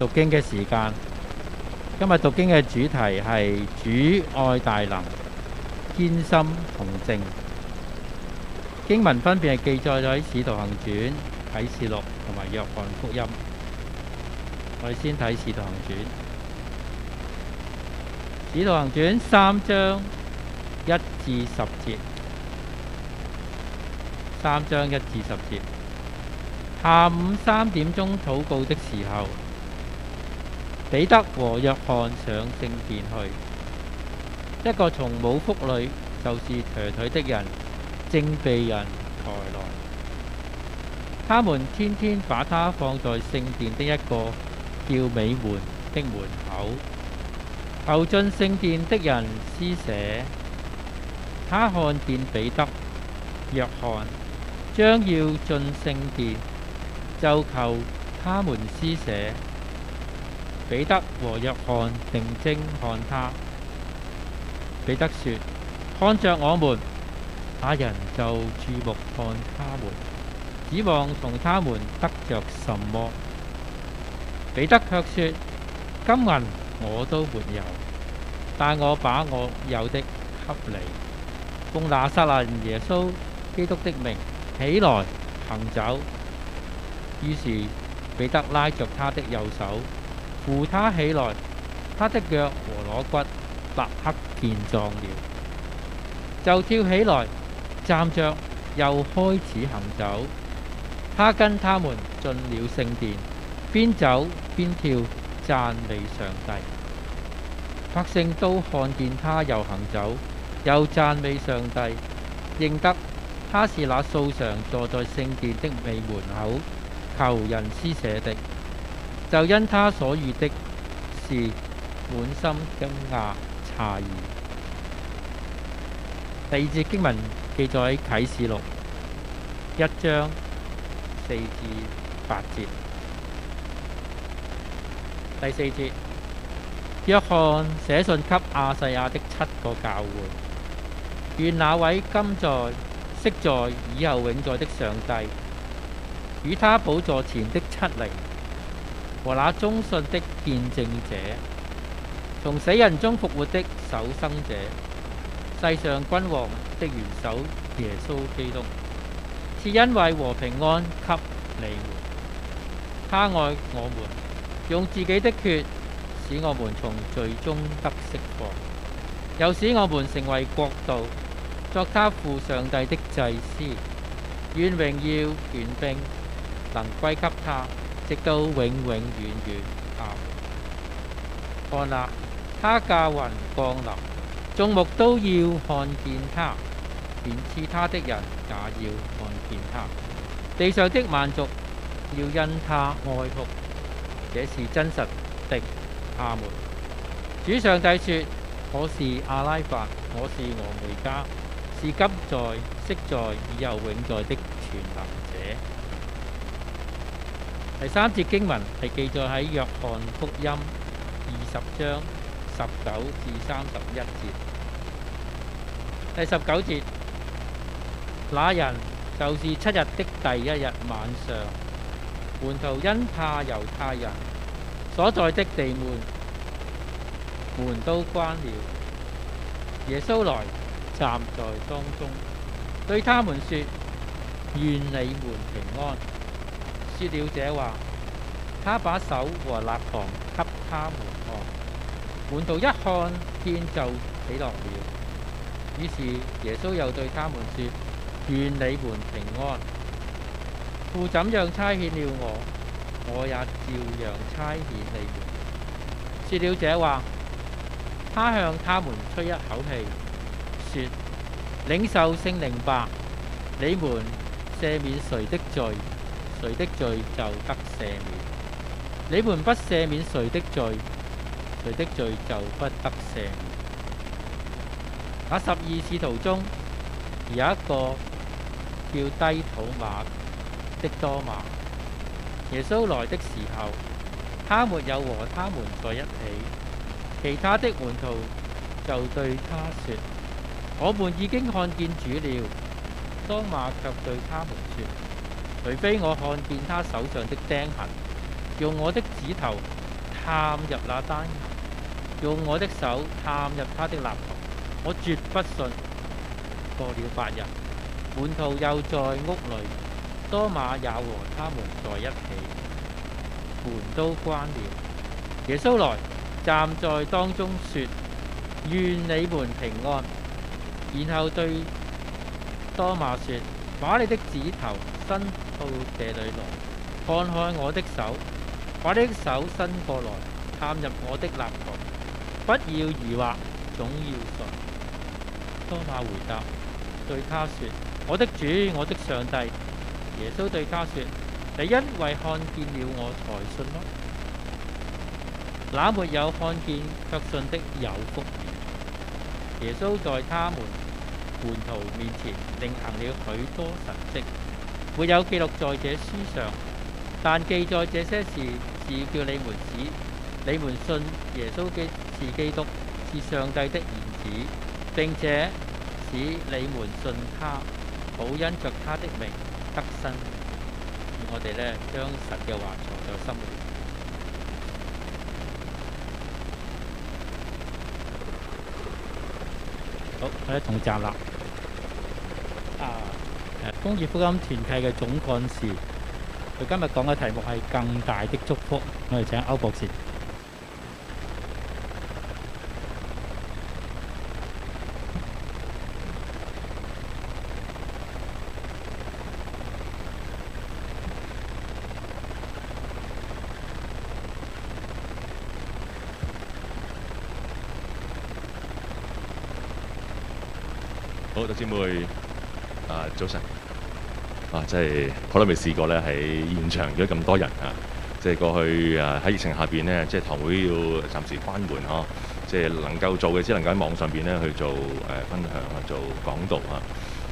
讀經嘅時間，今日讀經嘅主題係主愛大能堅心同靜，經文分別係記載咗喺《使徒行傳》啟示錄同埋約翰福音。我哋先睇《使徒行傳》，《使徒行傳》三章一至十節，三章一至十節。下午三點鐘禱告的時候。彼得和約翰上聖殿去，一個從母腹裏就是瘸腿的人正被人抬來，他們天天把他放在聖殿的一個叫美門的門口，求進聖殿的人施捨。他看見彼得、約翰將要進聖殿，就求他們施捨。彼得和約翰定睛看他，彼得說：看着我們，那人就注目看他們，指望同他們得着什麼。彼得卻說：金銀我都沒有，但我把我有的給你。奉拿撒勒耶穌基督的名起來行走。於是彼得拉着他的右手。扶他起來，他的腳和踝骨立刻健壯了，就跳起來，站着又開始行走。他跟他們進了聖殿，邊走邊跳，讚美上帝。百姓都看見他又行走又讚美上帝，認得他是那素常坐在聖殿的美門口求人施捨的。就因他所遇的是，滿心驚訝詫異。第二節經文記載喺啟示錄一章四至八節。第四節約翰寫信給亞細亞的七個教會，願那位今在、昔在、以後永在的上帝，與他寶座前的七靈。和那忠信的見證者，從死人中復活的守生者，世上君王的元首耶穌基督，是因為和平安給你們，他愛我們，用自己的血使我們從罪中得釋放，又使我們成為國度、作他父上帝的祭司，願榮耀權柄，能歸給他。直到永永遠遠阿門。看啦，他駕雲降臨，眾目都要看見他，連刺他的人也要看見他，地上的萬族要因他哀哭。這是真實的，阿門。主上帝說：我是阿拉法，我是俄梅嘉，是今在、昔在、又永在的全能者。第三節經文係記載喺約翰福音二十章十九至三十一節。第十九節，那人就是七日的第一日晚上，門徒因怕猶太人所在的地門門都關了，耶穌來站在當中，對他們說：願你們平安！了者說了這話，他把手和肋旁給他們看。門徒一看見就喜樂了。於是耶穌又對他們說：願你們平安。父怎樣差遣了我，我也照樣差遣你們。了者說了這話，他向他們吹一口氣，說：領受聖靈吧。你們赦免誰的罪？誰的罪就得赦免。你們不赦免誰的罪，誰的罪就不得赦免。那十二使徒中有一個叫低土馬的多馬，耶穌來的時候，他沒有和他們在一起，其他的門徒就對他說：我們已經看見主了。多馬卻對他們說，除非我看見他手上的釘痕，用我的指頭探入那釘痕，用我的手探入他的肋旁，我絕不信。過了八日，門徒又在屋裏，多馬也和他們在一起，門都關了。耶穌來，站在當中說：願你們平安！然後對多馬說：把你的指頭伸到這裏來，看看我的手，把你的手伸過來，探入我的立台。不要疑惑，總要信。多馬回答，對他說：我的主，我的上帝。耶穌對他說：你因為看見了我才信嗎？那沒有看見卻信的有福了。耶穌在他們門徒面前另行了許多神蹟。沒有記錄在這書上，但記載這些事是叫你們知、你們信耶穌記是基督，是上帝的兒子，並且使你們信他，保恩着他的名得生、嗯。我哋呢將神嘅話藏在心裏。好，我哋同站立。啊。誒，工業福音團契嘅總幹事，佢今日講嘅題目係更大的祝福，我哋請歐博士。好，六千零。早晨，啊，真係可能未試過咧，喺現場咁多人啊！即係過去啊，喺疫情下邊咧，即係堂會要暫時關門呵。即係能夠做嘅，只能夠喺網上邊咧去做誒分享啊，做講道啊。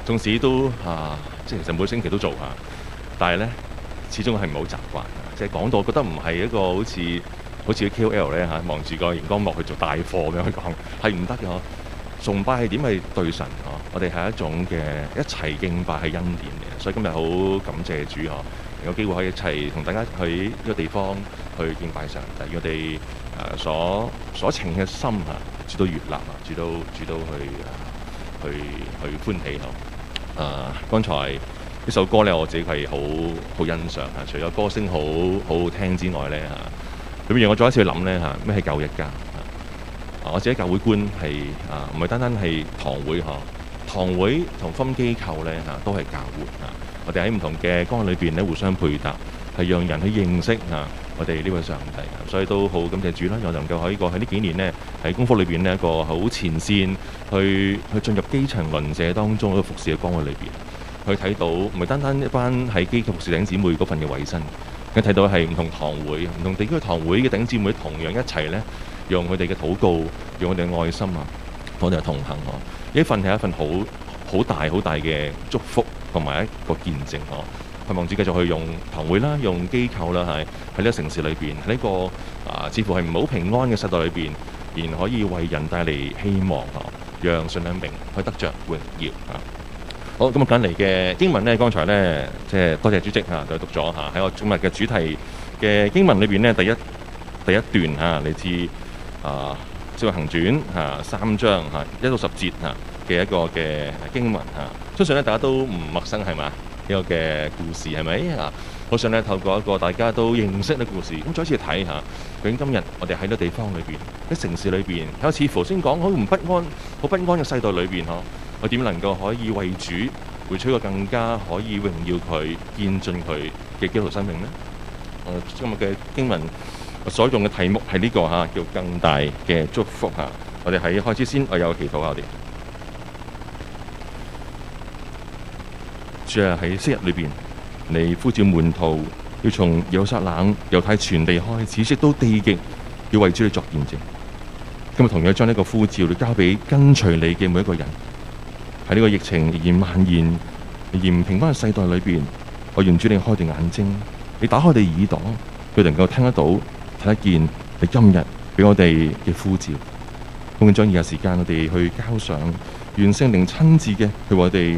縱使都啊，即係其實每星期都做吓，但係咧，始終係唔係好習慣。即係講道，覺得唔係一個好似好似啲 KOL 咧吓望住個熒光幕去做帶貨咁樣去講，係唔得嘅呵。崇拜係點係對神呵？我哋係一種嘅一齊敬拜係恩典嘅，所以今日好感謝主呵！有機會可以一齊同大家去呢個地方去敬拜上帝，我哋誒所所情嘅心啊，住到越南，啊，住到住到去去去歡喜呵！啊，剛才呢首歌咧，我自己係好好欣賞啊！除咗歌聲好好聽之外咧嚇，咁而我再一次去諗咧嚇，咩係舊日噶？我自己的教會觀係啊，唔係單單係堂會呵。堂會同分機構咧嚇都係教會嚇，我哋喺唔同嘅崗位裏邊咧互相配搭，係讓人去認識嚇我哋呢位上帝啊，所以都好感謝主啦！又能夠喺呢喺幾年呢，喺功夫裏邊呢，一個好前線去去進入基層鄰舍當中嗰個服侍嘅崗位裏邊，去睇到唔係單單一班喺機構服侍頂姊妹嗰份嘅委身，而係睇到係唔同堂會唔同地區堂會嘅頂姊妹同樣一齊呢，用佢哋嘅禱告，用佢哋嘅愛心啊，我哋係同行。呢份係一份好好大、好大嘅祝福，同埋一個見證哦。希望主繼續去用堂會啦，用機構啦，喺喺呢個城市裏邊，喺呢、呢個啊，似乎係唔好平安嘅世代裏邊，然可以為人帶嚟希望哦、啊，讓信領明去得着榮耀啊！好，咁啊，緊嚟嘅英文呢，剛才呢，即係多謝主席啊，就讀咗啊，喺我今日嘅主題嘅英文裏邊呢，第一第一段啊，嚟自啊《使徒行傳》嚇、啊、三章嚇、啊、一到十節啊。嘅一個嘅經文嚇，相信咧大家都唔陌生，係嘛呢個嘅故事係咪啊？好想咧透過一個大家都認識嘅故事，咁再一次睇下。究竟今日我哋喺呢個地方裏邊，喺城市裏邊，好似頭先講好唔不安、好不安嘅世代裏邊，嗬，我點能夠可以為主，會出一個更加可以榮耀佢、見盡佢嘅基督生命咧？我今日嘅經文咧，所用嘅題目係呢個嚇，叫更大嘅祝福嚇。我哋喺開始先，我有祈禱下先。即係喺昔日裏邊，你呼召門徒，要從耶路撒冷猶太全地開始，直到地極，要為主你作見證。今日同樣將呢個呼召交給你交俾跟隨你嘅每一個人。喺呢個疫情仍然蔓延、仍然唔平安嘅世代裏邊，我願主你開定眼睛，你打開你耳朵，佢能夠聽得到、睇得見你今日俾我哋嘅呼召。咁樣將以下時間，我哋去交上，願聖靈親自嘅去我哋。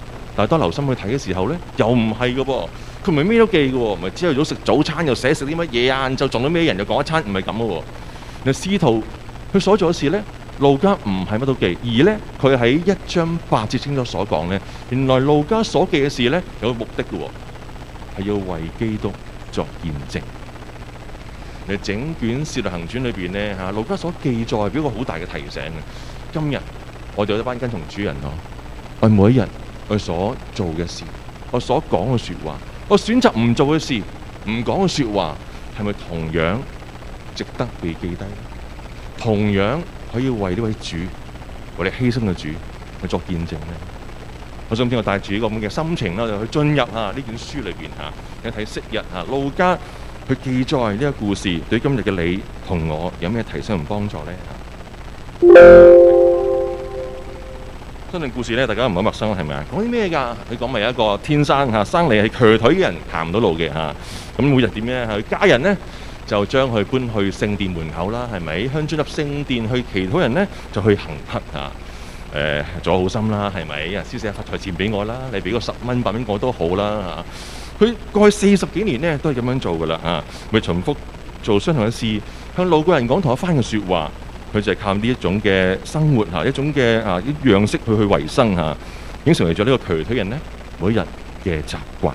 但係當留心去睇嘅時候咧，又唔係嘅噃，佢唔係咩都記嘅，唔係朝頭早食早餐又寫食啲乜嘢，晏晝撞到咩人又講一餐，唔係咁嘅。你司徒佢所做嘅事咧，路加唔係乜都記，而咧佢喺一章八節清楚所講咧，原來路加所記嘅事咧有個目的嘅，係要為基督作見證。你整卷使徒行傳裏邊咧吓，路加所記載，俾個好大嘅提醒嘅。今日我哋有一班跟從主人哦，喂，每一日。佢所做嘅事，我所講嘅說話，我選擇唔做嘅事，唔講嘅說話，係咪同樣值得被記低？同樣可以為呢位主，為你犧牲嘅主去作見證咧？我想今日我帶住呢個咁嘅心情啦，就去進入下呢卷書裏邊吓，一睇昔日啊，路加去記載呢個故事，對今日嘅你同我有咩提升同幫助咧？嗯新同故事咧，大家唔好陌生啦，係咪啊？講啲咩噶？佢講咪一個天生嚇、啊、生嚟係瘸腿嘅人行唔到路嘅嚇，咁、啊、每日點咧？佢家人咧就將佢搬去聖殿門口啦，係、啊、咪向進入聖殿去祈禱人咧就去行乞嚇，誒、啊、做、呃、好心啦，係咪啊？少少啊，發財錢俾我啦，你俾個十蚊八蚊我都好啦嚇。佢過去四十幾年咧都係咁樣做噶啦嚇，咪、啊啊、重複做相同嘅事，向路過人講同一番嘅説話。佢就係靠呢一種嘅生活嚇，一種嘅啊啲樣式去去維生，已經成為咗呢個瘸腿人呢每日嘅習慣。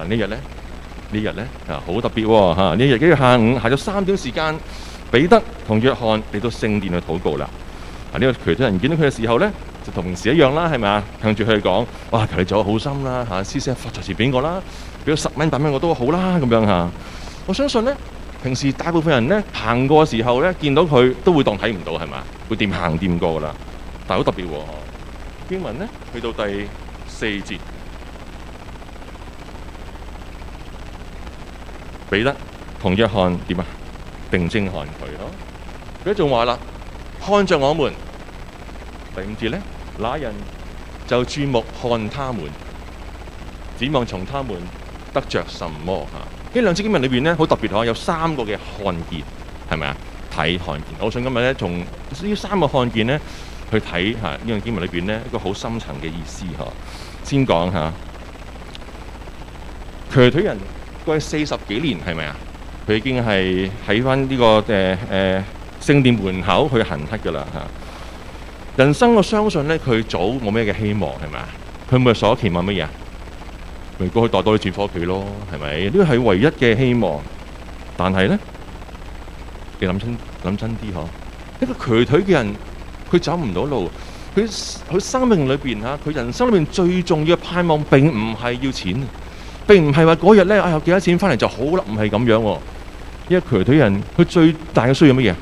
嗱呢日呢，呢日呢，啊好特別喎，呢日今日下午下晝三點時間，彼得同約翰嚟到聖殿去禱告啦。嗱、這、呢個瘸腿人見到佢嘅時候呢，就同平時一樣啦，係咪啊？向住佢講：哇！求你做我好心啦嚇，施捨一塊財錢俾我啦，俾我十蚊、百蚊我都好啦咁樣嚇。我相信呢。平時大部分人呢行過嘅時候呢見到佢都會當睇唔到係嘛，會掂行掂過噶啦。但係好特別喎，經文呢去到第四節，彼得同約翰點啊？定睛看佢咯。佢仲話啦：看着我們。第五節呢，那人就注目看他們，指望從他們得着什麼啊？呢兩支經文裏邊咧，好特別嗬，有三個嘅看見，係咪啊？睇看見，我想今日咧，從呢三個看見咧，去睇嚇呢兩經文裏邊咧一個好深層嘅意思嗬。先講嚇，瘸腿人過去四十幾年，係咪啊？佢已經係喺翻呢個誒誒聖殿門口去行乞噶啦嚇。人生我相信咧，佢早冇咩嘅希望，係咪啊？佢冇所期望乜嘢啊？咪過去袋多啲錢翻屋企咯，係咪？呢個係唯一嘅希望。但係咧，你諗清諗真啲嗬，一個瘸腿嘅人，佢走唔到路，佢佢生命裏邊嚇，佢人生裏邊最重要嘅盼望並唔係要錢，並唔係話嗰日咧哎有幾多錢翻嚟就好啦，唔係咁樣啊。因為瘸腿人佢最大嘅需要乜嘢？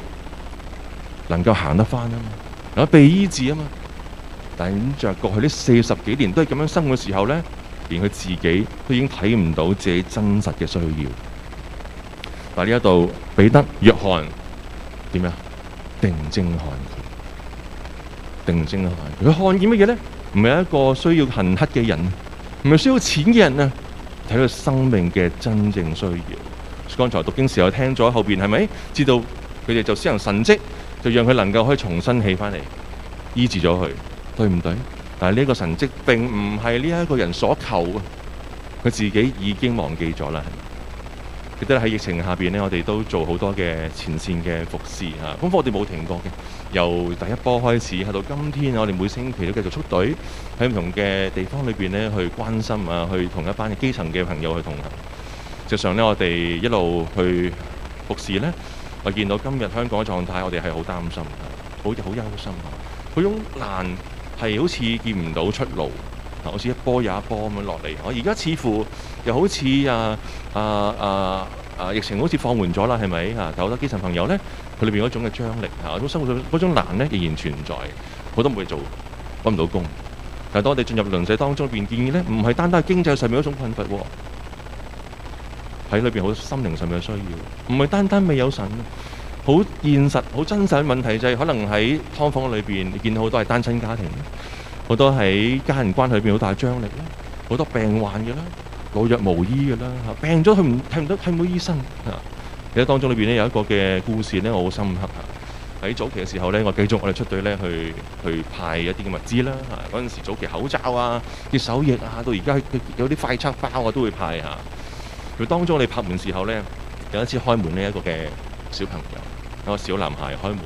能夠行得翻啊嘛，能夠被醫治啊嘛。等着過去呢四十幾年都係咁樣生活嘅時候咧。連佢自己都已經睇唔到自己真實嘅需要，但係呢一度彼得、約翰點呀？定睛看佢，定睛看佢，佢看見乜嘢咧？唔係一個需要行乞嘅人，唔係需要錢嘅人啊！睇佢生命嘅真正需要。剛才讀經的時候我聽咗後邊係咪？知道佢哋就先行神蹟，就讓佢能夠可以重新起翻嚟，醫治咗佢，對唔對？嗱、啊、呢、這、一個神蹟並唔係呢一個人所求啊！佢自己已經忘記咗啦。係咪？記得喺疫情下邊呢，我哋都做好多嘅前線嘅服侍啊。咁我哋冇停過嘅，由第一波開始，去到今天，我哋每星期都繼續出隊喺唔同嘅地方裏邊咧，去關心啊，去同一班嘅基層嘅朋友去同行。就上呢，我哋一路去服侍呢，我見到今日香港嘅狀態，我哋係好擔心，好似好憂心啊！佢種、啊、難。係好似見唔到出路，嗱好似一波又一波咁樣落嚟。我而家似乎又好似啊啊啊啊疫情好似放緩咗啦，係咪？但係好多基層朋友咧，佢裏邊嗰種嘅張力，嚇、啊、嗰種生活上嗰種難咧，仍然存在。好多唔會做，揾唔到工。但係當我哋進入鄰舍當中，邊建議咧，唔係單單經濟上面嗰種困乏喎，喺裏邊好多心靈上面嘅需要，唔係單單未有神。好現實、好真實嘅問題就係、是，可能喺劏房裏邊，你見到好多係單親家庭，好多喺家人關係裏邊好大張力啦，好多病患嘅啦，老弱無醫嘅啦，病咗佢唔睇唔到睇唔到醫生。啊，其實當中裏邊咧有一個嘅故事呢，我好深刻嚇。喺早期嘅時候呢，我記住我哋出隊呢去去派一啲嘅物資啦。嗰陣時早期口罩啊、啲手液啊，到而家有啲快測包我、啊、都會派嚇。佢當中你拍門嘅時候呢，有一次開門呢一個嘅。小朋友，有個小男孩開門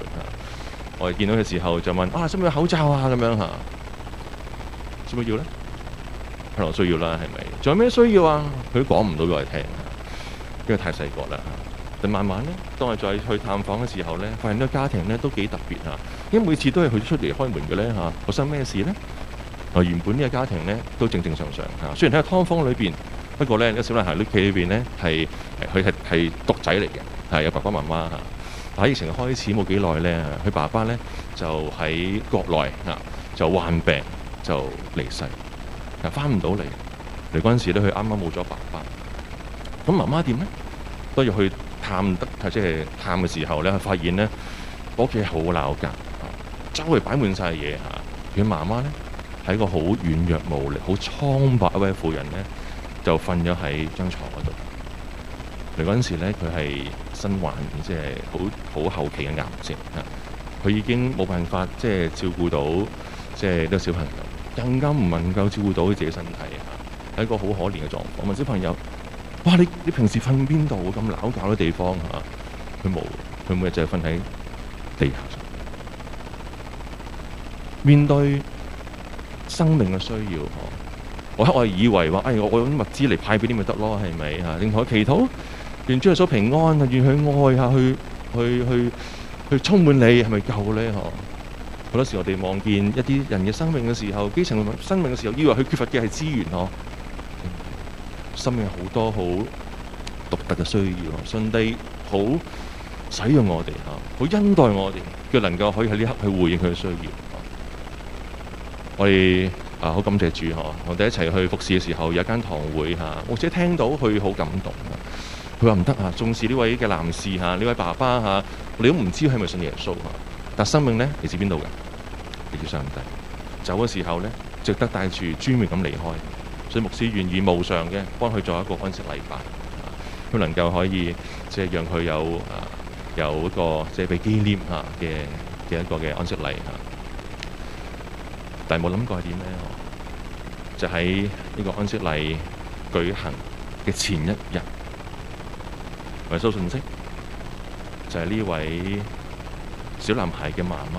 我哋見到嘅時候就問：啊，使唔使要口罩啊？咁樣吓，需唔需要咧？可能需要啦，係咪？仲有咩需要啊？佢都講唔到俾我哋聽，因為太細個啦。但慢慢咧，當我再去探訪嘅時候咧，發現呢個家庭咧都幾特別啊！因為每次都係佢出嚟開門嘅咧吓，發生咩事咧？原本呢個家庭咧都正正常常吓，雖然喺劏房裏邊，不過咧呢個小男孩喺屋企裏邊咧係佢係係獨仔嚟嘅。係有爸爸媽媽嚇，喺疫情開始冇幾耐咧，佢爸爸咧就喺國內啊，就患病就離世，嗱返唔到嚟，嚟嗰陣時咧佢啱啱冇咗爸爸，咁媽媽點咧都要去探得，即係探嘅時候咧，發現咧屋企好鬧架，周圍擺滿晒嘢嚇，佢媽媽咧係一個好軟弱無力、好蒼白嘅一位婦人咧，就瞓咗喺張床嗰度。嚟嗰陣時咧，佢係身患即係好好後期嘅癌症，嚇，佢已經冇辦法即係、就是、照顧到即係呢個小朋友，更加唔能夠照顧到佢自己身體啊，係一個好可憐嘅狀況。問小朋友，哇，你你平時瞓邊度？咁撈搞嘅地方嚇，佢冇，佢每日就瞓喺地下上。面對生命嘅需要，我我以為話，哎，我我用啲物資嚟派俾你咪得咯，係咪嚇？另外祈禱。願諸位所平安啊！願佢愛下去，去去去，去去充滿你係咪夠呢？嗬！好多時我哋望見一啲人嘅生命嘅時候，基層生命嘅時候，以為佢缺乏嘅係資源嗬。生命好多好獨特嘅需要，上帝好使用我哋嗬，好恩待我哋，佢能夠可以喺呢刻去回應佢嘅需要。我哋啊，好感謝主嗬！我哋一齊去服侍嘅時候，有一間堂會嚇，或者聽到佢好感動。佢話唔得啊！重視呢位嘅男士吓，呢位爸爸吓，你都唔知係咪信耶穌啊？但生命咧，嚟自邊度嘅？嚟自上帝。走嘅時候咧，值得帶住尊嚴咁離開，所以牧師願意無償嘅幫佢做一個安息禮拜，啊，佢能夠可以即係讓佢有啊，有一個即係俾紀念吓嘅嘅一個嘅安息禮吓。但係冇諗過係點咧？就喺呢個安息禮舉行嘅前一日。維修信息，就係、是、呢位小男孩嘅媽媽，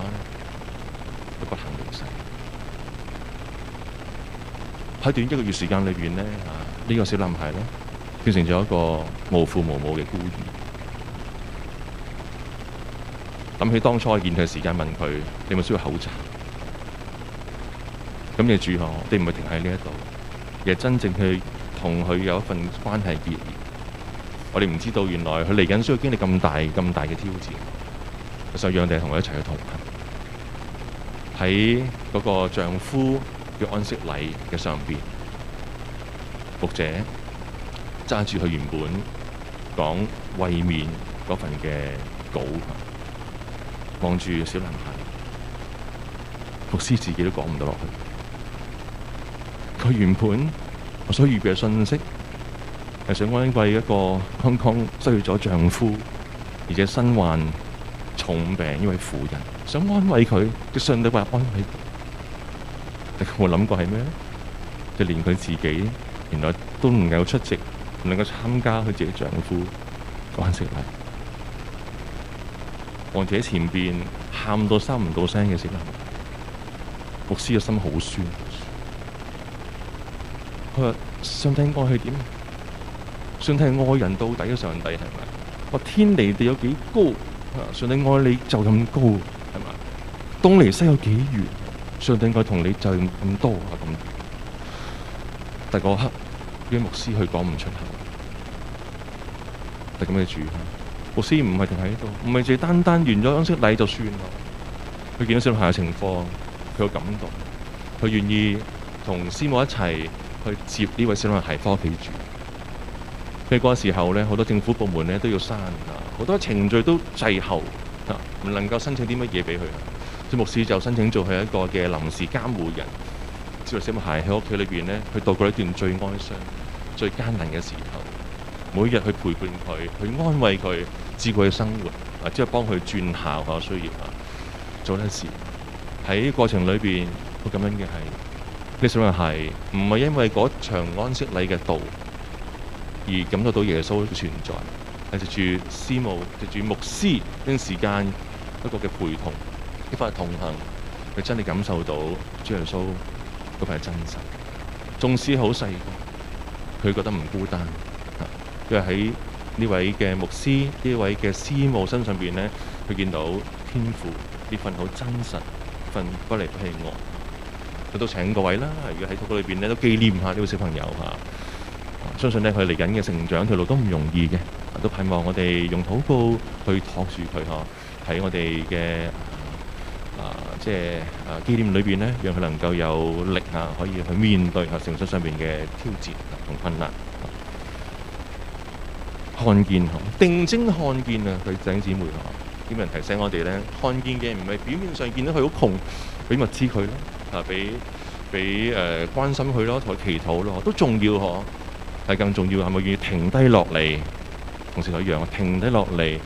都不幸離世。喺短一個月時間裏邊咧，呢、這個小男孩咧變成咗一個無父無母嘅孤兒。諗起當初見佢嘅時間，問佢：你咪需要口罩？咁嘅主啊，你唔係停喺呢一度，而係真正去同佢有一份關係結我哋唔知道，原來佢嚟緊需要經歷咁大、咁大嘅挑戰。我想讓你哋同我一齊去同行，喺嗰個丈夫嘅安息禮嘅上邊，牧者揸住佢原本講慰勉嗰份嘅稿，望住小男孩，牧師自己都講唔到落去。佢原本我所預備嘅信息。係想安慰一個剛剛失去咗丈夫而且身患重病呢位婦人，想安慰佢，即上帝話安慰，你有冇諗過係咩咧？就連佢自己原來都唔夠出席，唔能夠參加佢自己丈夫嘅食禮，望姐喺前面喊到收唔到聲嘅時候，牧師嘅心好酸。佢話：上帝應去點？上帝係愛人到底嘅上帝係咪？話，天離地有幾高？啊，上帝愛你就咁高，係咪？東離西有幾遠？上帝愛同你就咁多，係咁。但個刻，啲牧師佢講唔出口，係咁嘅主，牧師唔係停喺呢度？唔係淨係單單完咗休息禮就算咯。佢見到小朋友情況，佢有感動，佢願意同師母一齊去接呢位小朋孩喺屋企住。喺嗰時候咧，好多政府部門咧都要刪啊，好多程序都滯後啊，唔能夠申請啲乜嘢俾佢。所以牧師就申請做佢一個嘅臨時監護人，照顧小牧孩喺屋企裏邊咧，去度過一段最哀傷、最艱難嘅時候。每日去陪伴佢，去安慰佢，照顧佢生活，啊，即係幫佢轉校啊，需要啊，做呢啲事。喺過程裏邊我咁樣嘅係，你想問係唔係因為嗰場安息禮嘅道？而感受到耶穌嘅存在，藉住師母，藉住牧師，呢段時間一個嘅陪同，一份同行，佢真係感受到主耶穌嗰份嘅真實。縱使好細個，佢覺得唔孤單，因為喺呢位嘅牧師、呢位嘅師母身上邊咧，佢見到天父呢份好真實，份不離不棄愛。我都請各位啦，如果喺個裏邊咧，都紀念下呢位小朋友嚇。相信咧，佢嚟緊嘅成長條路都唔容易嘅，都盼望我哋用禱告去托住佢嗬。喺我哋嘅啊，即係啊，紀念裏邊咧，讓佢能夠有力啊，可以去面對吓，成長上面嘅挑戰同困難。看見嗬，定睛看見啊，佢弟兄姊妹嗬，點樣提醒我哋咧？看見嘅唔係表面上見到佢好窮，俾物資佢咯啊，俾俾誒關心佢咯，同佢祈禱咯，都重要嗬。係更重要，係咪願意停低落嚟同信徒一樣啊？停低落嚟，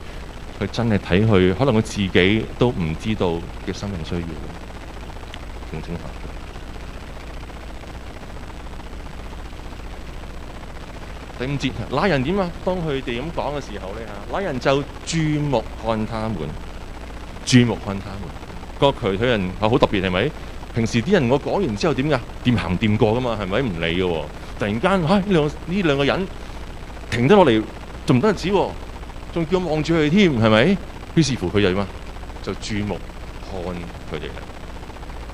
佢真係睇佢，可能佢自己都唔知道嘅生命需要嘅。調整下。第五節，拉人點啊？當佢哋咁講嘅時候咧嚇，拉人就注目看他們，注目看他們。個瘸腿人好特別，係咪？平時啲人我講完之後點㗎？掂行掂過㗎嘛，係咪唔理㗎？突然間，吓呢兩呢兩個人停得落嚟，仲唔得止，仲叫我望住佢添，係咪？於是乎，佢就點啊？就注目看佢哋咧。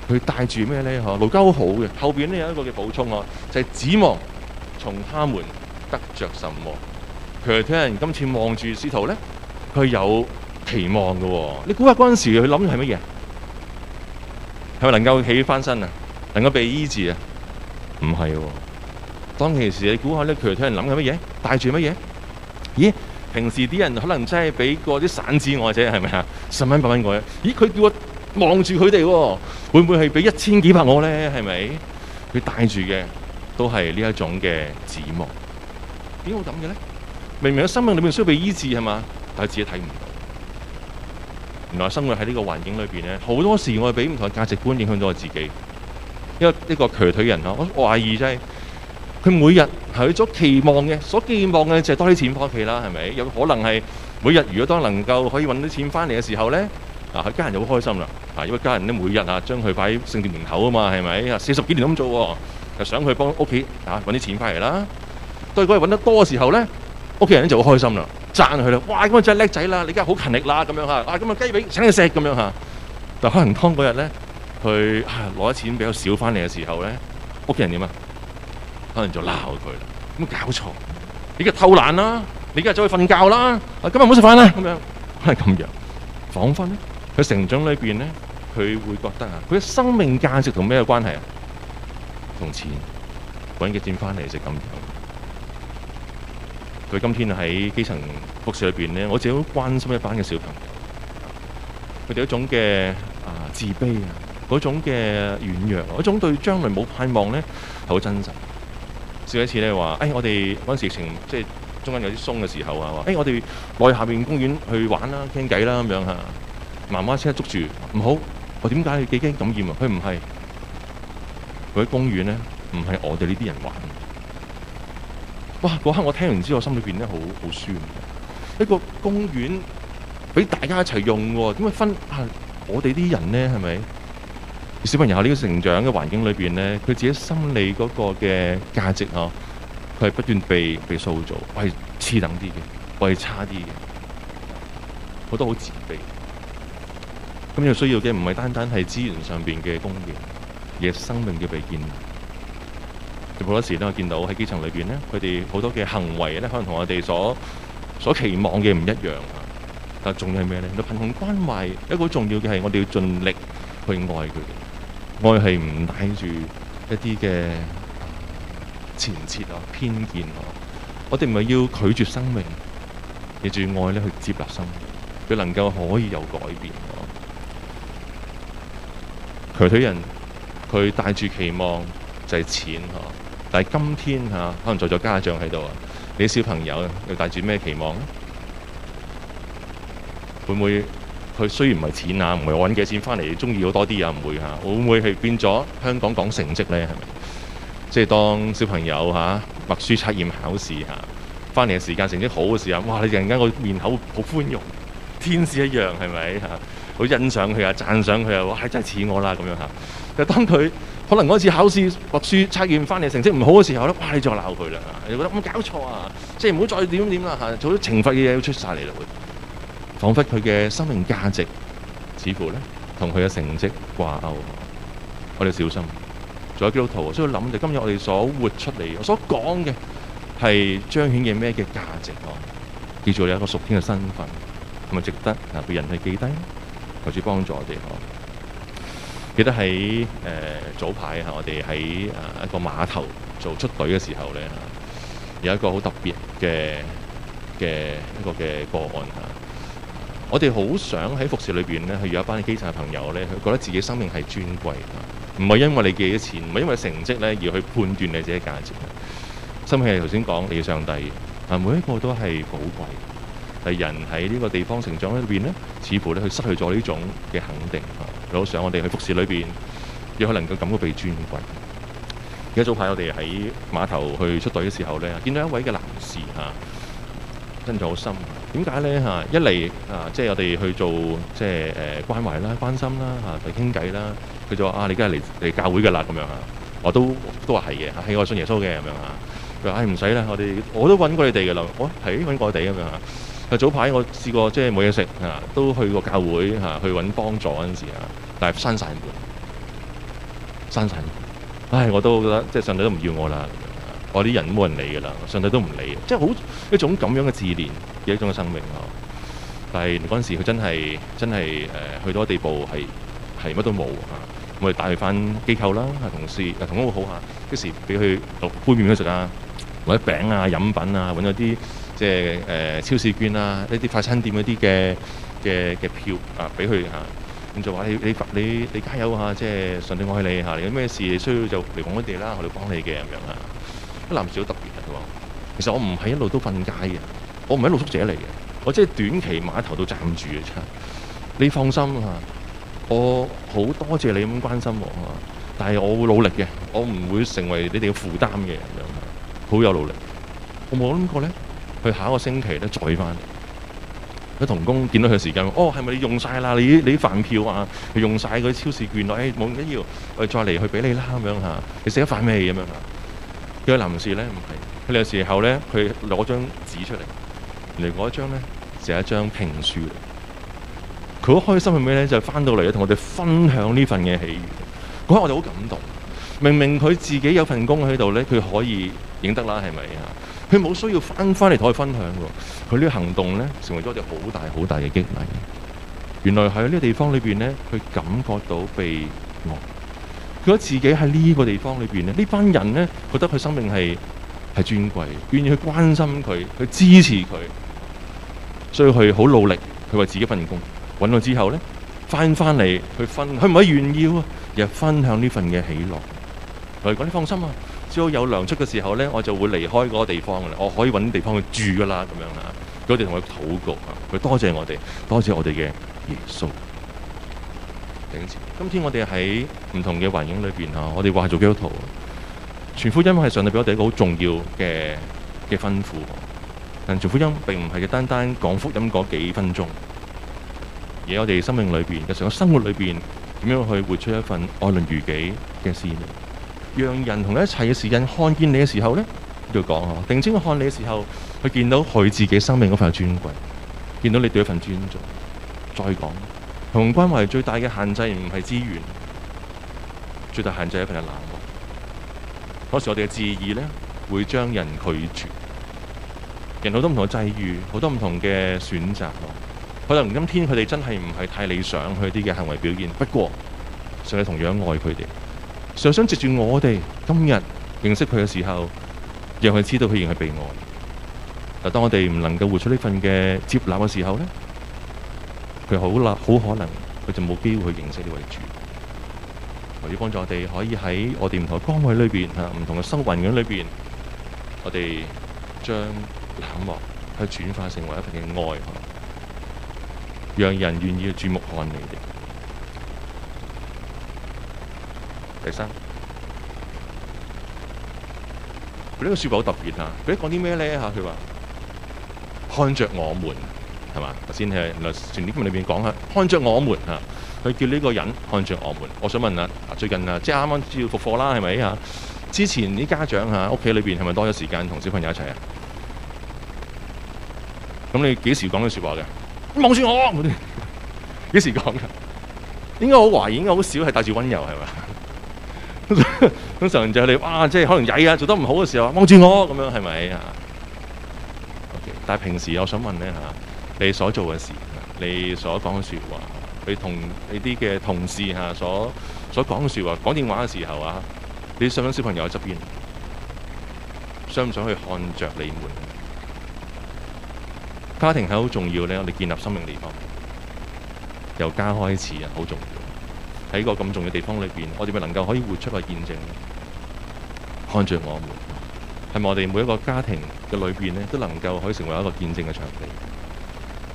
佢帶住咩咧？嗬，路加好嘅。後邊呢有一個嘅補充啊，就係指望從他們得着什麼。佢睇人今次望住使徒咧，佢有期望嘅。你估下嗰陣時佢諗係乜嘢？係咪能夠起翻身啊？能夠被醫治啊？唔係。當其時，你估下呢，呢個瘸腿人諗緊乜嘢？帶住乜嘢？咦？平時啲人可能真係俾過啲散紙我者，係咪啊？十蚊、八蚊我啫。咦？佢叫我望住佢哋，會唔會係俾一千幾百我咧？係咪？佢帶住嘅都係呢一種嘅指望。點會咁嘅咧？明明喺生命裏面需要被醫治係嘛，但係自己睇唔到。原來生活喺呢個環境裏邊咧，好多時我俾唔同嘅價值觀影響到我自己。因為呢個瘸腿人咯，我懷疑真係。佢每日係所期望嘅，所寄望嘅就係多啲錢翻屋企啦，係咪？有可能係每日如果當能夠可以揾啲錢翻嚟嘅時候咧，啊，佢家人就好開心啦。啊，因為家人咧每日啊將佢擺喺聖殿門口啊嘛，係咪？啊，四十幾年咁做，就想佢幫屋企啊揾啲錢翻嚟啦。對嗰日揾得多嘅時候咧，屋企人咧就好開心啦，讚佢啦，哇！咁啊真係叻仔啦，你而家好勤力啦咁樣嚇，啊咁啊雞髀請你食咁樣嚇。但可能當嗰日咧佢攞咗錢比較少翻嚟嘅時候咧，屋企人點啊？可能就鬧佢啦，咁搞錯，你而家偷懶啦，你而家再走去瞓覺啦，啊今日唔好食飯啦，咁樣係咁樣，仿翻咧，佢成長裏邊咧，佢會覺得啊，佢嘅生命價值同咩關係啊？同錢，搵幾錢翻嚟就咁樣。佢今天喺基層服侍裏邊咧，我自己好關心一班嘅小朋友，佢哋一種嘅啊自卑啊，嗰種嘅軟弱，嗰種對將來冇盼望咧，係好真實。少一次咧，話、哎、誒，我哋嗰時疫情即係中間有啲鬆嘅時候啊，話誒、哎，我哋落去下面公園去玩啦、傾偈啦，咁樣吓，媽媽即刻捉住，唔好，我點解你幾驚感染啊？佢唔係，佢喺公園咧，唔係我哋呢啲人玩。哇！嗰刻我聽完之後，我心裏邊咧好好酸。一個公園俾大家一齊用喎，點解分啊？我哋啲人咧係咪？是小朋友喺呢個成長嘅環境裏邊咧，佢自己心理嗰個嘅價值嗬，佢係不斷被被塑造，係次等啲嘅，係差啲嘅，好多好自卑。咁又需要嘅唔係單單係資源上邊嘅供應，而係生命嘅被建。好多時咧，我見到喺基層裏邊咧，佢哋好多嘅行為咧，可能同我哋所所期望嘅唔一樣嚇。但仲重要係咩咧？貧窮關懷一個好重要嘅係，我哋要盡力去愛佢嘅。愛係唔帶住一啲嘅前設啊、偏見啊，我哋唔係要拒絕生命，而住愛咧去接納生命，佢能夠可以有改變、啊。瘸腿人佢帶住期望就係錢、啊，但係今天啊，可能在座家長喺度啊，你啲小朋友又帶住咩期望？會唔會？佢雖然唔係錢啊，唔係揾幾錢翻嚟，中意好多啲啊，唔會嚇，會唔會係變咗香港講成績咧？係咪？即係當小朋友嚇，讀、啊、書測驗考試嚇，翻嚟嘅時間成績好嘅時候，哇！你突然間個面口好寬容，天使一樣係咪嚇？好欣賞佢啊，讚賞佢啊！哇，係真係似我啦咁樣嚇。就當佢可能嗰次考試讀書測驗翻嚟成績唔好嘅時候咧，哇！你再鬧佢啦，你覺得有冇搞錯啊？即係唔好再點點啦嚇，做啲懲罰嘅嘢都出晒嚟啦。彷彿佢嘅生命價值，似乎咧同佢嘅成績掛鈎。我哋小心，做咗基督徒需要諗就今日我哋所活出嚟，我所講嘅係彰顯嘅咩嘅價值啊？叫做你一個屬天嘅身份係咪值得嗱？俾人去記低，求主幫助我哋。記得喺誒早排嚇，我哋喺一個碼頭做出隊嘅時候咧，有一個好特別嘅嘅一個嘅個案嚇。我哋好想喺服侍裏邊咧，去約一班基層嘅朋友咧，佢覺得自己生命係尊貴，唔係因為你嘅錢，唔係因為成績咧，而去判斷你自己嘅價值。生命係頭先講，你要上帝，啊每一個都係寶貴。係人喺呢個地方成長裏邊咧，似乎咧佢失去咗呢種嘅肯定。佢好想我哋去服侍裏邊，亦可能夠感覺被尊貴。而家早排我哋喺碼頭去出隊嘅時候咧，見到一位嘅男士嚇，真係好深。點解咧吓？一嚟啊，即係我哋去做即係誒關懷啦、關心啦吓，嚟傾偈啦。佢就話：啊，你今日嚟嚟教會嘅啦咁樣吓。我都都話係嘅，係我信耶穌嘅咁樣吓。佢話：唉，唔使啦，我哋我都揾過你哋嘅啦。哦，我係揾過我哋咁樣吓。佢早排我試過，即係冇嘢食啊，都去過教會吓，去揾幫助嗰陣時啊，但係閂晒門，閂晒門。唉，哎，我都覺得即係上帝都唔要我啦。我啲人都冇人理噶啦，上帝都唔理的，即係好一種咁樣嘅自憐，一種嘅生命，啊、但係嗰陣時佢真係真係誒、呃、去到地步係係乜都冇啊。我哋帶佢返機構啦，同事，同事，同事啊，同工好下，即時俾佢攞杯麵佢食啊，或者餅啊、飲品啊，揾咗啲即係誒超市券啊，一啲快餐店嗰啲嘅嘅嘅票啊，俾佢啊，咁就話你你你加油啊，即係上帝愛你嚇，啊、有什麼你有咩事需要就嚟我哋啦，我哋幫你嘅咁樣啊。都蠻少特別嘅，其實我唔係一路都瞓街嘅，我唔係露宿者嚟嘅，我即係短期碼頭都站住嘅啫。你放心嚇，我好多謝你咁關心我，但係我會努力嘅，我唔會成為你哋嘅負擔嘅人咁樣，好有努力。我冇諗過咧，佢下一個星期咧再翻。佢同工見到佢時間，哦，係咪你用晒啦？你你飯票啊，用晒嗰啲超市券咯？誒、哎，冇緊要，我再嚟去俾你啦咁樣嚇。你食咗飯未咁樣嚇？佢臨時咧唔係，佢哋有時候咧，佢攞張紙出嚟嚟攞一張咧，就係一張聘書。佢好開心係咩咧？就返到嚟啊，同我哋分享呢份嘅喜悅。嗰刻我就好感動。明明佢自己有份工喺度咧，佢可以影得啦，係咪啊？佢冇需要返返嚟同佢分享嘅。佢呢個行動咧，成為咗我哋好大好大嘅激勵。原來喺呢個地方裏邊咧，佢感覺到被愛。如果自己喺呢個地方裏邊咧，呢班人呢，覺得佢生命係係尊貴，願意去關心佢，去支持佢，所以佢好努力去為自己份工。搵到之後呢，翻翻嚟去分，佢唔係炫耀啊，而係分享呢份嘅喜樂。佢講：你放心啊，只要有糧出嘅時候呢，我就會離開嗰個地方啦。我可以搵地方去住噶啦，咁樣啦。佢哋同佢禱告啊，佢多謝我哋，多謝我哋嘅耶穌。今天我哋喺唔同嘅環境裏邊啊，我哋話做基督徒，傳福音係上帝俾我哋一個好重要嘅嘅吩咐。但傳福音並唔係嘅單單講福音嗰幾分鐘，而喺我哋生命裏邊，日常嘅生活裏邊，點樣去活出一份愛鄰如己嘅思念，讓人同你一齊嘅時間看見你嘅時候呢，要講啊，定睛去看你嘅時候，去見到佢自己生命嗰份尊貴，見到你對佢一份尊重，再講。同關懷最大嘅限制唔係資源，最大限制係份哋冷漠。當時，我哋嘅質疑呢，會將人拒絕。人好多唔同嘅際遇，好多唔同嘅選擇。可能今天佢哋真係唔係太理想佢啲嘅行為表現，不過想係同樣愛佢哋，尚想藉住，我哋今日認識佢嘅時候，讓佢知道佢仍係被愛。但，當我哋唔能夠活出呢份嘅接納嘅時候呢，佢好啦，好可能佢就冇必要去認識呢位主。為咗幫助我哋，可以喺我哋唔同嘅崗位裏邊嚇，唔同嘅環境裏邊，我哋將冷漠去轉化成為一份嘅愛，讓人願意去注目我哋。第三，佢呢個説話好特別啊！佢講啲咩咧嚇？佢話，看着我們。啊！先係傳啲咁裏邊講啊，看著我們啊，佢叫呢個人看著我們。我想問下啊，最近啊，即係啱啱要復課啦，係咪啊？之前啲家長啊，屋企裏邊係咪多咗時間同小朋友一齊啊？咁你幾時講呢説話嘅？望住我，幾時講嘅？應該好懷疑，應該好少係帶住溫柔係咪？是 通常就係、是、你哇，即係可能曳啊，做得唔好嘅時候望住我咁樣係咪啊？但係平時我想問咧嚇。你所做嘅事，你所講嘅說話，你同你啲嘅同事吓，所所講嘅說話，講電話嘅時候啊，你想唔想小朋友喺側邊？想唔想去看着你們？家庭係好重要咧。我哋建立生命嘅地方，由家開始啊，好重要。喺個咁重要嘅地方裏邊，我哋咪能夠可以活出去見證，看着我，我們係咪？我哋每一個家庭嘅裏邊呢都能夠可以成為一個見證嘅場地。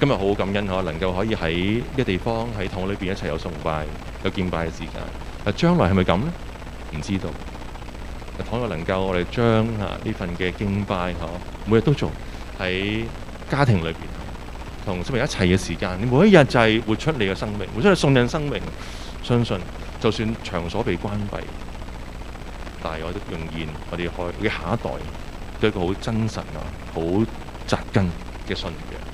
今日好感恩，可能夠可以喺呢個地方喺堂裏邊一齊有崇拜、有敬拜嘅時間。啊，將來係咪咁呢？唔知道。倘若能夠我哋將啊呢份嘅敬拜嗬，每日都做喺家庭裏邊同周圍一齊嘅時間，你每一日就係活出你嘅生命，活出去頌讚生命。相信就算場所被關閉，但係我都仍然可以我哋嘅下一代對佢好真實啊、好紮根嘅信仰。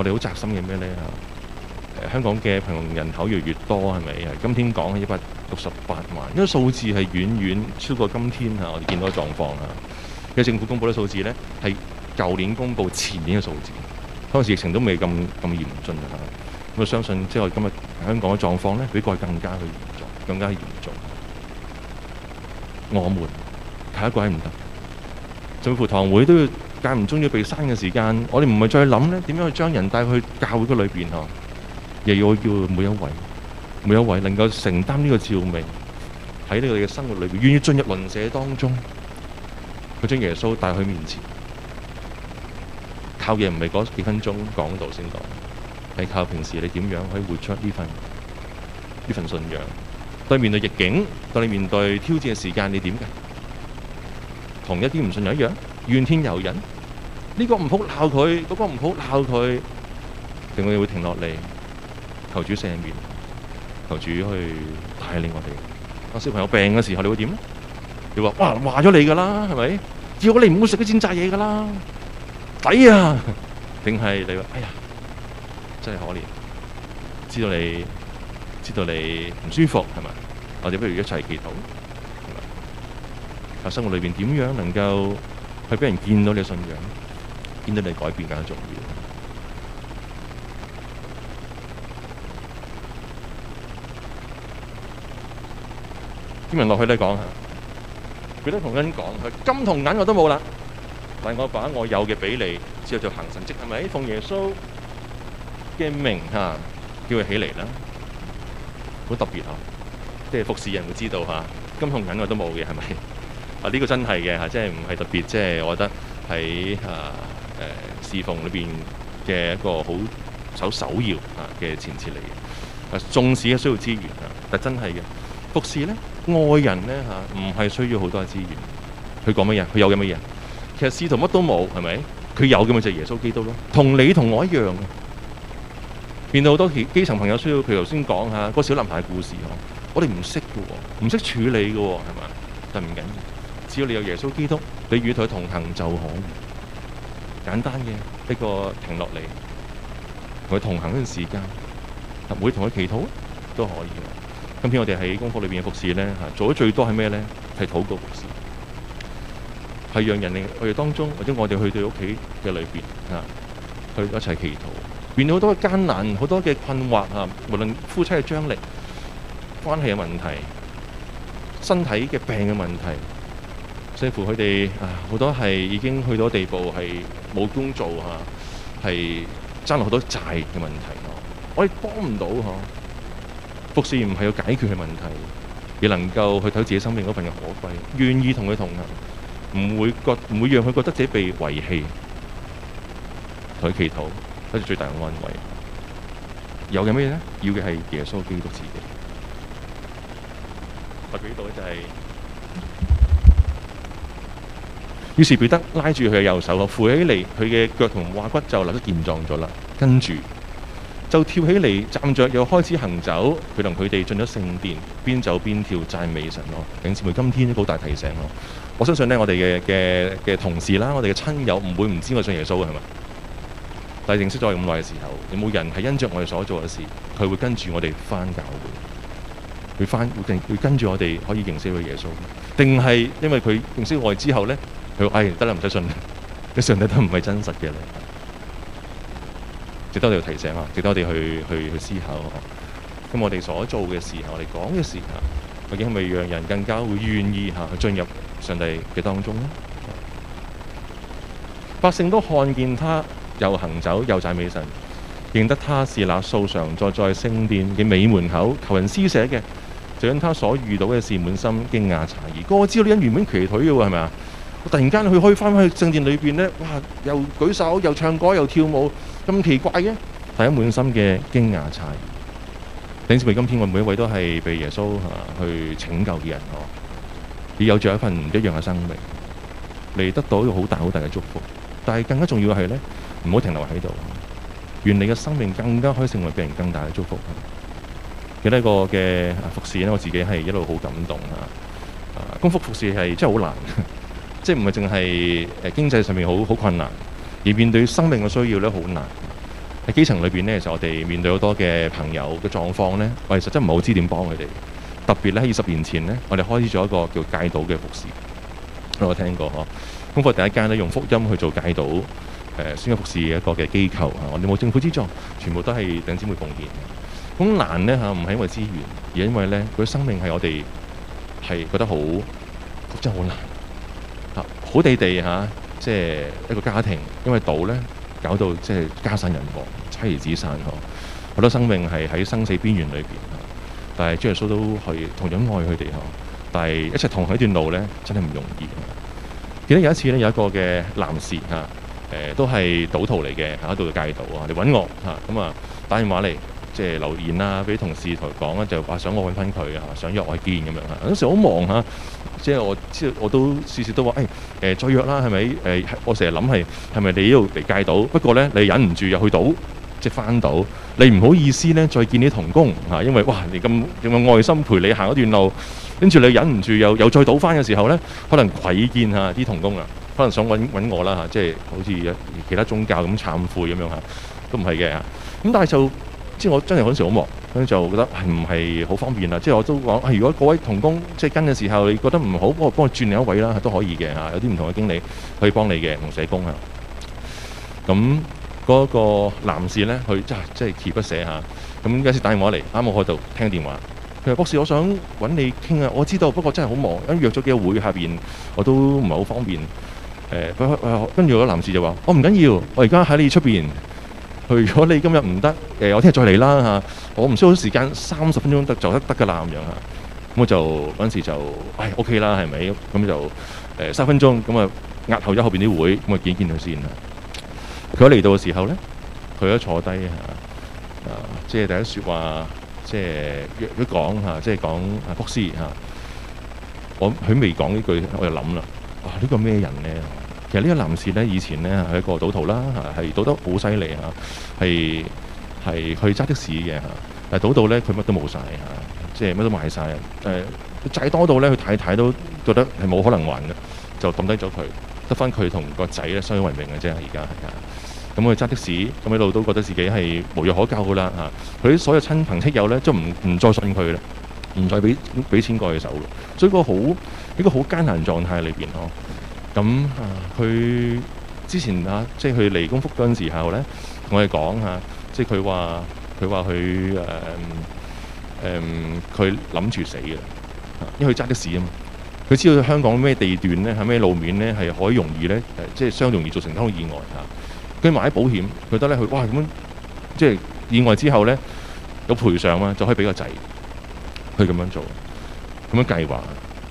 我哋好扎心嘅咩咧？香港嘅貧窮人口越嚟越多，係咪？今天講係一百六十八萬，因為數字係遠遠超過今天嚇、啊、我哋見到嘅狀況嚇。因、啊、為政府公布嘅數字咧，係舊年公布前年嘅數字，當時疫情都未咁咁嚴峻，嚇、啊。咁我相信即係今日香港嘅狀況咧，比過去更加嚴重，更加嚴重。我們睇一鬼唔得，政府堂會都要。間唔中要被刪嘅時間，我哋唔係再去諗咧，點樣去將人帶去教會嘅裏邊嗬，亦要叫每一位、每一位能夠承擔呢個召命，喺呢個嘅生活裏邊，願意進入鄰舍當中，去將耶穌帶去面前。靠嘢唔係嗰幾分鐘講道先講，係靠平時你點樣可以活出呢份呢份信仰。當面對逆境，當面對挑戰嘅時間，你點嘅？同一啲唔信仰一樣。怨天尤人，呢個唔好鬧佢，嗰個唔好鬧佢，定我哋會停落嚟，求主赦免，求主去帶領我哋。當小朋友病嘅時候，你會點？你話哇話咗你噶啦，係咪？叫我哋唔好食啲煎炸嘢噶啦，抵啊！定係你話哎呀，真係可憐，知道你知道你唔舒服係咪？或者不如一齊祈禱，係咪？喺生活裏邊點樣能夠？係俾人見到你信仰，見到你改變更加重要。聽人落去咧講嚇，佢都同佢講，金同銀我都冇啦，但係我把我有嘅俾你，之後就行神跡，係咪？奉耶穌嘅名嚇，叫佢起嚟啦，好特別呀。即係服侍人會知道嚇，金同銀我都冇嘅，係咪？啊！呢、這個真係嘅嚇，即係唔係特別即係我覺得喺啊誒侍、呃、奉裏邊嘅一個好首首要嘅前設嚟嘅。重視係需要資源啊，但真係嘅服侍咧，愛人咧嚇，唔、啊、係需要好多資源。佢講乜嘢？佢有嘅乜嘢。其實使徒乜都冇係咪？佢有嘅咪就係耶穌基督咯，同你同我一樣嘅、啊。見到好多基層朋友需要，譬如頭先講下個小男孩嘅故事嗬、啊，我哋唔識嘅喎，唔識處理嘅喎係咪？就唔緊只要你有耶穌基督，你與佢同行就好，簡單嘅一個停落嚟同佢同行一陣時間，啊，同佢祈禱都可以。今天我哋喺功課裏邊嘅服侍咧，嚇做咗最多係咩咧？係禱告服侍，係讓人哋我哋當中或者我哋去到屋企嘅裏邊啊，去一齊祈禱，面對好多嘅艱難、好多嘅困惑啊，無論夫妻嘅張力、關係嘅問題、身體嘅病嘅問題。甚乎佢哋好多係已經去到地步，係冇工做嚇，係爭落好多債嘅問題。我哋幫唔到呵。服侍唔係要解決佢嘅問題，你能夠去睇自己生命嗰份嘅可貴，願意同佢同行，唔會覺唔會讓佢覺得自己被遺棄，同佢祈禱，佢係最大嘅安慰。有嘅咩咧？要嘅係耶穌基督自己。喺呢度咧就係、是。於是彼得拉住佢嘅右手咯，扶起嚟，佢嘅腳同踝骨就立即健壯咗啦。跟住就跳起嚟，站着又開始行走。佢同佢哋進咗聖殿，邊走邊跳讚美神咯。弟兄姊妹，今天都好大提醒咯。我相信呢，我哋嘅嘅嘅同事啦，我哋嘅親友唔會唔知我信耶穌嘅係咪？但係認識咗咁耐嘅時候，有冇人係因着我哋所做嘅事，佢會跟住我哋翻教會，會翻會定會跟住我哋可以認識佢耶穌？定係因為佢認識我之後呢？佢哎，得啦，唔使信你啲上帝都唔係真實嘅你值得我哋提醒啊，值得我哋去去去思考。咁、哦嗯、我哋所做嘅時候，我哋講嘅時候，究竟係咪讓人更加會願意吓去進入上帝嘅當中咧？百姓都看見他又行走又讚美神，認得他是那素常坐在在聖殿嘅美門口求人施捨嘅。就因他所遇到嘅事滿心驚訝詫異。哥知道呢人原本瘸腿嘅喎，係咪啊？我突然間佢可以翻翻去聖殿裏邊咧，哇！又舉手，又唱歌，又跳舞，咁奇怪嘅，大家滿心嘅驚訝齊。弟兄姊妹，今天我每一位都係被耶穌吓去拯救嘅人，嗬！你有着一份唔一樣嘅生命，你得到一個好大好大嘅祝福。但係更加重要嘅係咧，唔好停留喺度，願你嘅生命更加可以成為俾人更大嘅祝福。其實一個嘅服侍咧，我自己係一路好感動啊！啊，公服服侍係真係好難。即係唔係淨係誒經濟上面好好困難，而面對生命嘅需要咧好難。喺基層裏邊呢，其實我哋面對好多嘅朋友嘅狀況呢，我哋實真唔係好知點幫佢哋。特別咧，二十年前呢，我哋開始咗一個叫戒賭嘅服侍，我有聽過嗬？咁我第一間呢，用福音去做戒賭誒，宣教服侍嘅一個嘅機構，我哋冇政府資助，全部都係頂姊妹奉獻。咁難呢，吓，唔係因為資源，而係因為咧，佢生命係我哋係覺得好真係好難。好地地吓，即係一個家庭，因為賭咧搞到即係家散人亡，妻兒子散嗬，好多生命係喺生死邊緣裏邊嚇。但係主耶穌都可以同樣愛佢哋嗬，但係一齊同行一段路咧，真係唔容易。記得有一次咧，有一個嘅男士嚇，誒都係賭徒嚟嘅，喺度戒賭啊，嚟揾我嚇，咁啊打電話嚟。即係留言啦、啊，俾同事同佢講啦，就話想我搵翻佢啊，想約我去見咁樣啊。有時好忙嚇、啊，即係我我，我都時時都話誒誒再約啦，係咪、呃、我成日諗係係咪你呢度嚟戒賭？不過咧，你忍唔住又去賭，即係翻賭，你唔好意思咧再見啲同工嚇，因為哇你咁有冇愛心陪你行一段路，跟住你忍唔住又又再賭翻嘅時候咧，可能愧見下、啊、啲同工啊，可能想搵揾我啦、啊、即係好似其他宗教咁懺悔咁樣嚇，都唔係嘅啊。咁但係就。即我真係嗰陣時好忙，咁就覺得係唔係好方便啊？即係我都講，如果嗰位同工即係跟嘅時候，你覺得唔好，幫我幫我轉另一位啦，都可以嘅嚇。有啲唔同嘅經理可以幫你嘅同社工啊。咁嗰、那個男士咧，佢即係即係鍥而不捨嚇。咁有時打電話嚟，啱好開度聽電話。其實博士，我想揾你傾啊。我知道，不過真係好忙，因為約咗幾個會下邊，我都唔係好方便。誒、欸，跟住嗰男士就話、oh,：我唔緊要，我而家喺你出邊。去咗你今日唔得。誒我聽日再嚟啦嚇，我唔需要時間三十分鐘得就得得㗎啦咁樣嚇。咁我就嗰陣時就誒 OK 啦係咪，咁就誒三分鐘，咁啊壓後咗後邊啲會，咁啊見一見佢先啦。佢一嚟到嘅時候咧，佢一坐低嚇，啊即係第一説話，即係一講嚇，即係講阿博士嚇，我佢未講呢句，我就諗啦，哇呢個咩人咧？其實呢個男士咧，以前咧係一個賭徒啦，係賭得好犀利啊，係係去揸的士嘅吓，但係賭到咧，佢乜都冇晒吓，即係乜都賣晒，誒，債多到咧，佢太太都覺得係冇可能還嘅，就抌低咗佢，得翻佢同個仔咧，相依為命嘅啫而家，咁佢揸的士，咁一路都覺得自己係無藥可救啦吓，佢啲所有親朋戚友咧，都唔唔再信佢啦，唔再俾俾錢過去手咯，所以個好一個好艱難狀態裏邊哦。咁啊，佢之前啊，即係佢嚟公福嗰陣時候咧，我哋講下，即係佢話佢話佢誒誒，佢諗住死嘅，因為佢揸的士啊嘛，佢知道香港咩地段咧，喺咩路面咧係可以容易咧，即係相容易造成一意外，佢跟住買保險，佢得咧，佢哇咁樣，即係意外之後咧有賠償啊，就可以俾個仔去咁樣做，咁樣計劃。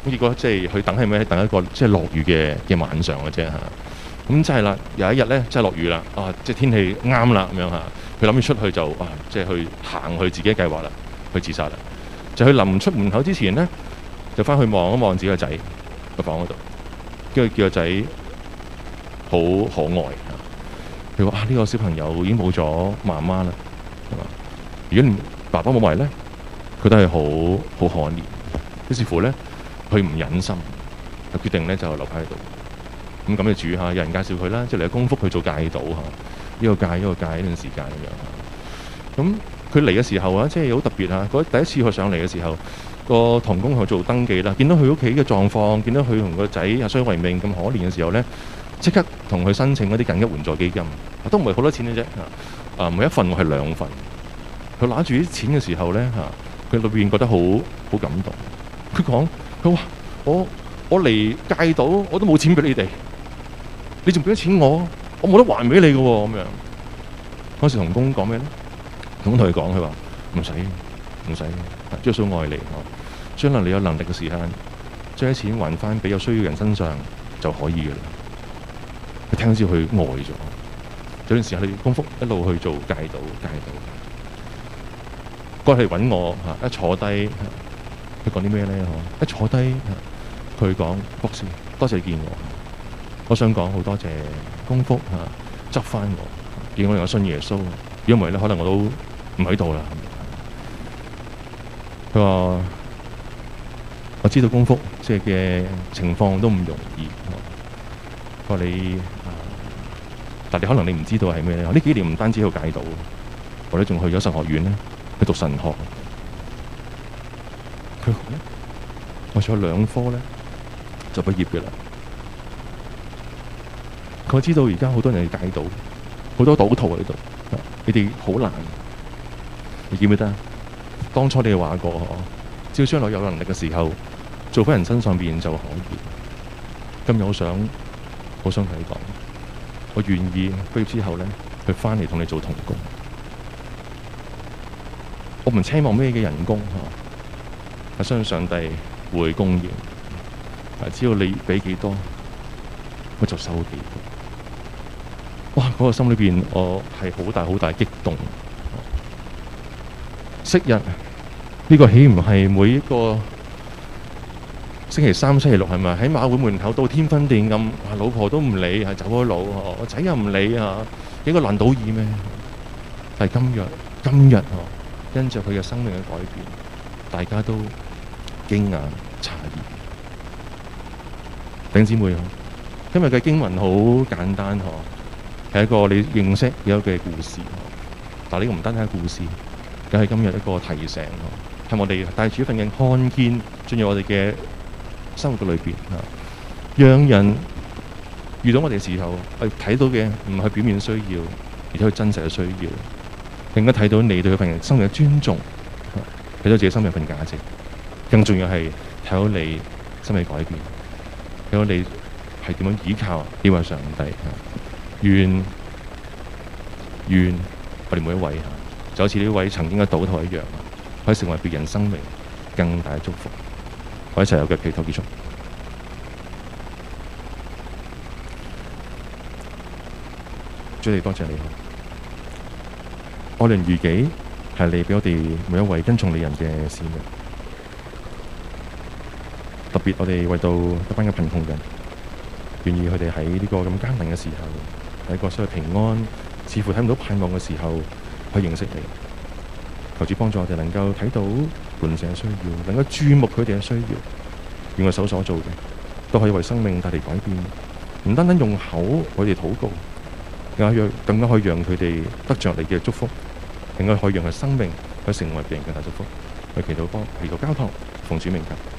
結果即係佢等係咪等一個即係落雨嘅嘅晚上嘅啫吓。咁真係啦，有一日咧即係落雨啦，啊，即係天氣啱啦咁樣吓。佢諗住出去就啊，即係去行佢自己嘅計劃啦，去自殺啦。就去臨出門口之前咧，就翻去望一望自己個仔個房嗰度，跟住叫個仔好可愛啊。佢話啊，呢個小朋友已經冇咗媽媽啦。係嘛，如果爸爸冇埋咧，佢都係好好可憐。於是乎咧。佢唔忍心，就決定咧就留喺度咁，咁就住下，有人介紹佢啦，即嚟有功夫去做戒賭吓。呢個戒，呢個戒，呢段時間咁樣。咁佢嚟嘅時候啊，即係好特別啊。第一次佢上嚟嘅時候，個同工去做登記啦，見到佢屋企嘅狀況，見到佢同個仔相依為命咁可憐嘅時候咧，即刻同佢申請嗰啲緊急援助基金，都唔係好多錢嘅啫。啊，每一份係兩份。佢拿住啲錢嘅時候咧吓，佢裏邊覺得好好感動。佢講佢話我，我嚟戒賭，我都冇錢俾你哋，你仲俾咗錢我，我冇得還俾你嘅咁、哦、樣。嗰時同工講咩咧？同工同佢講，佢話唔使唔使，將少愛嚟，將來你有能力嘅時間，將啲錢還翻俾有需要嘅人身上就可以㗎啦。佢聽咗之後愛咗，有段時間你功夫一路去做戒賭戒賭，過嚟揾，我吓，一坐低。佢講啲咩咧？嗬，一坐低，佢講：博士，多謝見我。我想講好多謝功夫吓，執、啊、翻我，叫我能夠信耶穌。因為咧，可能我都唔喺度啦。佢話我知道功夫即係嘅情況都唔容易。佢、啊、話你，啊、但係你可能你唔知道係咩咧？呢幾年唔單止喺度戒賭，我哋仲去咗神學院咧，去讀神學。 我仲有兩科咧，就畢業嘅啦。我知道而家好多人去解賭，好多賭徒喺度，你哋好難。你記唔記得？當初你哋話過，只要將來有能力嘅時候，做翻人身上面就可以。今日我想，我想同你講，我願意畢業之後咧，去翻嚟同你做同工。我唔奢望咩嘅人工。相信上帝會供應，只要你俾幾多，我就收幾多。哇！我個心裏邊，我係好大好大激動。昔日呢個豈唔係每一個星期三、星期六係咪？喺馬會門口到天分店咁，老婆都唔理，係走咗路；我仔又唔理啊，幾個爛賭兒咩？但係今日，今日哦，跟住佢嘅生命嘅改變，大家都，驚訝、詫異。頂姊妹今日嘅經文好簡單，嗬，係一個你認識有嘅故事，但係呢個唔單止係故事，梗係今日一個提醒，係我哋帶住一份嘅看見進入我哋嘅生活嘅裏邊啊，讓人遇到我哋嘅時候係睇到嘅唔係表面需要，而且係真實嘅需要，更加睇到你對佢份人生命嘅尊重，睇到自己生命份價值。更重要係睇到你心理改變，睇到你係點樣依靠呢位上帝。願願我哋每一位嚇，就好似呢位曾經嘅賭徒一樣，可以成為別人生命更大嘅祝福。我哋一齊用祈禱結束。主，你多謝你，愛鄰如己係你俾我哋每一位跟從你人嘅使命。特別我哋為到一班嘅貧窮人，願意佢哋喺呢個咁艱難嘅時候，喺個需要平安，似乎睇唔到盼望嘅時候，去認識你，求主幫助我哋能夠睇到鄰舍嘅需要，能夠注目佢哋嘅需要，用我手所做嘅，都可以為生命帶嚟改變。唔單單用口我哋禱告，更加讓更加可以讓佢哋得着你嘅祝福，更加可以讓佢生命去成為別人嘅大祝福。去祈禱，幫祈禱，交託奉主名求。